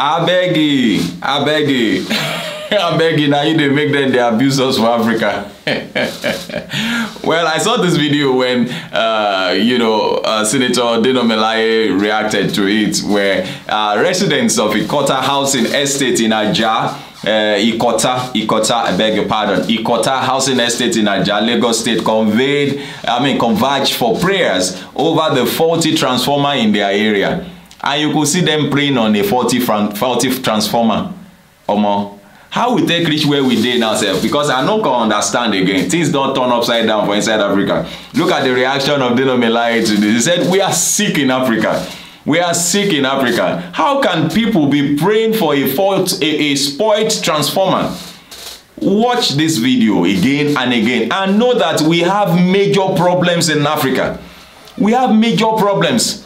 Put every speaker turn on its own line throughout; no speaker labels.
I beg you! i. beg you! I beg you now, you didn't make them, the abuse us for Africa. well, I saw this video when, uh, you know, uh, Senator Dino Melaye reacted to it, where uh, residents of Ikota Housing Estate in Ajah uh, Ikota, Ikota, I beg your pardon, Ikota Housing Estate in Ajah, Lagos State, conveyed, I mean, converged for prayers over the faulty transformer in their area. And you could see them praying on a faulty, faulty transformer. Omo, how we take reach where we dey now sef because i no can understand again things don turn upside down for inside africa look at the reaction of delome lai to this he said we are sick in africa we are sick in africa how can people be praying for a fault a, a spoilt transformer watch this video again and again and know that we have major problems in africa we have major problems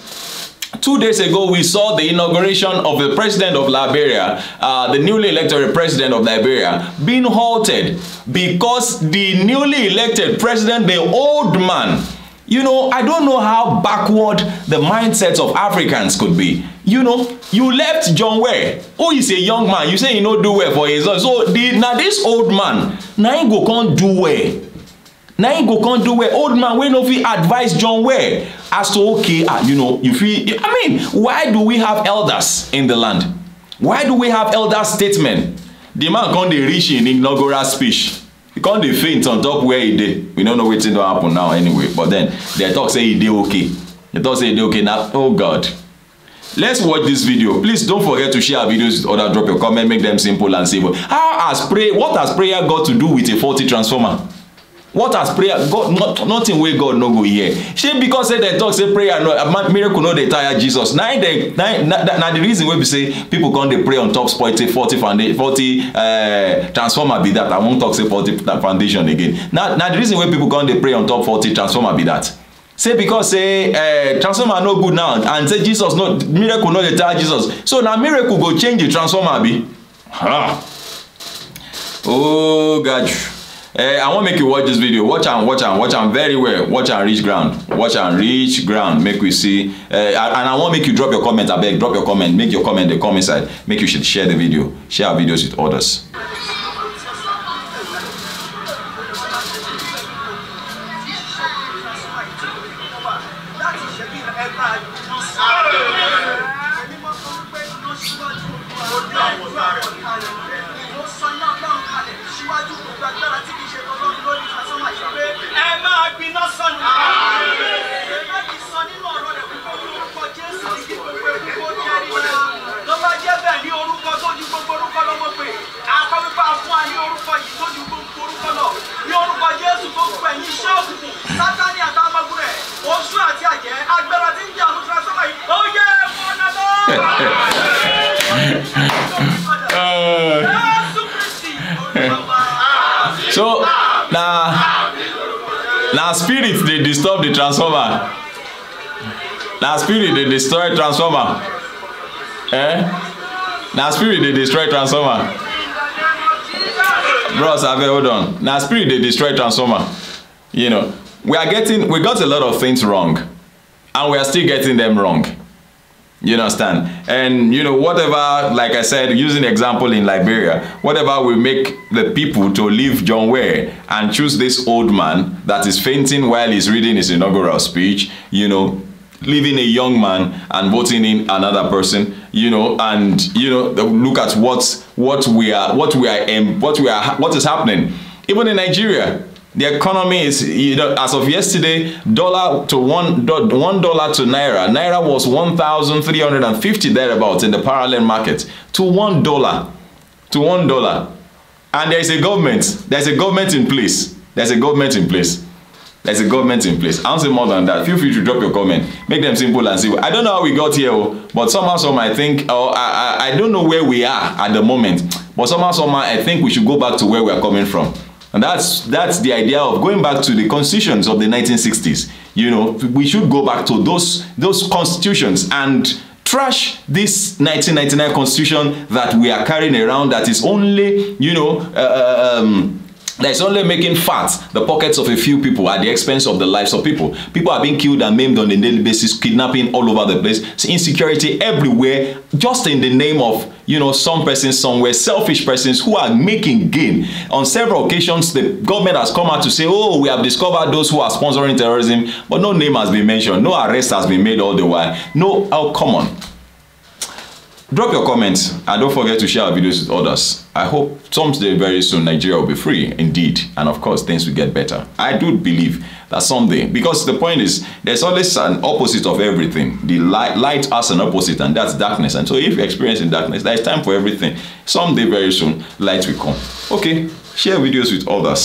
Two days ago, we saw the inauguration of the president of Liberia, uh, the newly elected president of Liberia, being halted because the newly elected president, the old man, you know, I don't know how backward the mindsets of Africans could be. You know, you left John Ware. Oh, he's a young man. You say he no do well for his own. So the, now this old man, now he go can't do well. na him go come do well old man wey no fit advise john well as to okay ah you know you fit i mean why do we have elders in the land why do we have elder statement the man come dey reach him inaugural speech he come dey faint on top where he dey we no know wetin don happen now anyway but then they talk say he dey okay they talk say he dey okay now oh god let's watch this video please don't forget to share our videos with others drop your comment make them simple and simple how has prayer what has prayer got to do with a faulty transformer what as prayer god not, nothing wey god no go hear shey because say dem talk say prayer no miracle no dey tire jesus na dem na na na the reason wey be say people come dey pray on top forty forty foundation forty uh, eh, transformer be that i wan talk say forty foundation again na na the reason wey people come dey pray on top forty transformer be that say because say uh, transformer no good now and say jesus no miracle no dey tire jesus so na miracle go change the transformer be. Huh. Oh, gaju. Uh, I want make you watch this video. Watch and watch and watch and very well. Watch and reach ground. Watch and reach ground. Make we see. Uh, and I want make you drop your comment. I beg, drop your comment. Make your comment the comment side. Make you should share the video. Share our videos with others. síwájú gbogbo agbára. so na na spirit dey disturb the transformer na spirit dey destroy transformer eh na spirit dey destroy transformer bros abeg hold on na spirit dey destroy transformer you know we are getting we got a lot of things wrong and we are still getting them wrong. You understand? And you know, whatever, like I said, using example in Liberia, whatever will make the people to leave John Ware and choose this old man that is fainting while he's reading his inaugural speech, you know, leaving a young man and voting in another person, you know, and you know, look at what what we are what we are what we are what is happening. Even in Nigeria, the economy is you know as of yesterday dollar to one one dollar to naira naira was 1350 thereabouts in the parallel market to one dollar to one dollar and there is a government there's a government in place there's a government in place there's a government in place i don't say more than that feel free to drop your comment make them simple and simple i don't know how we got here oh, but somehow some i think oh, I, I i don't know where we are at the moment but somehow somehow i think we should go back to where we are coming from And that's, that's the idea of going back to the constitutions of the 1960s. You know, we should go back to those, those constitutions and trash this 1999 constitution that we are carrying around that is only, you know, uh, uh um, There's only making fat the pockets of a few people at the expense of the lives of people. People are being killed and maimed on a daily basis, kidnapping all over the place, insecurity everywhere, just in the name of you know some persons somewhere selfish persons who are making gain on several occasions the government has come out to say oh we have discovered those who are sponsoring terrorism but no name has been mentioned no arrest has been made all the while no oh, come on Drop your comments and don't forget to share our videos with others. I hope someday very soon Nigeria will be free indeed and of course things will get better. I do believe that someday because the point is there's always an opposite of everything. The light, light has an opposite and that's darkness and so if you're experiencing darkness there's time for everything. Someday very soon light will come. Okay, share videos with others.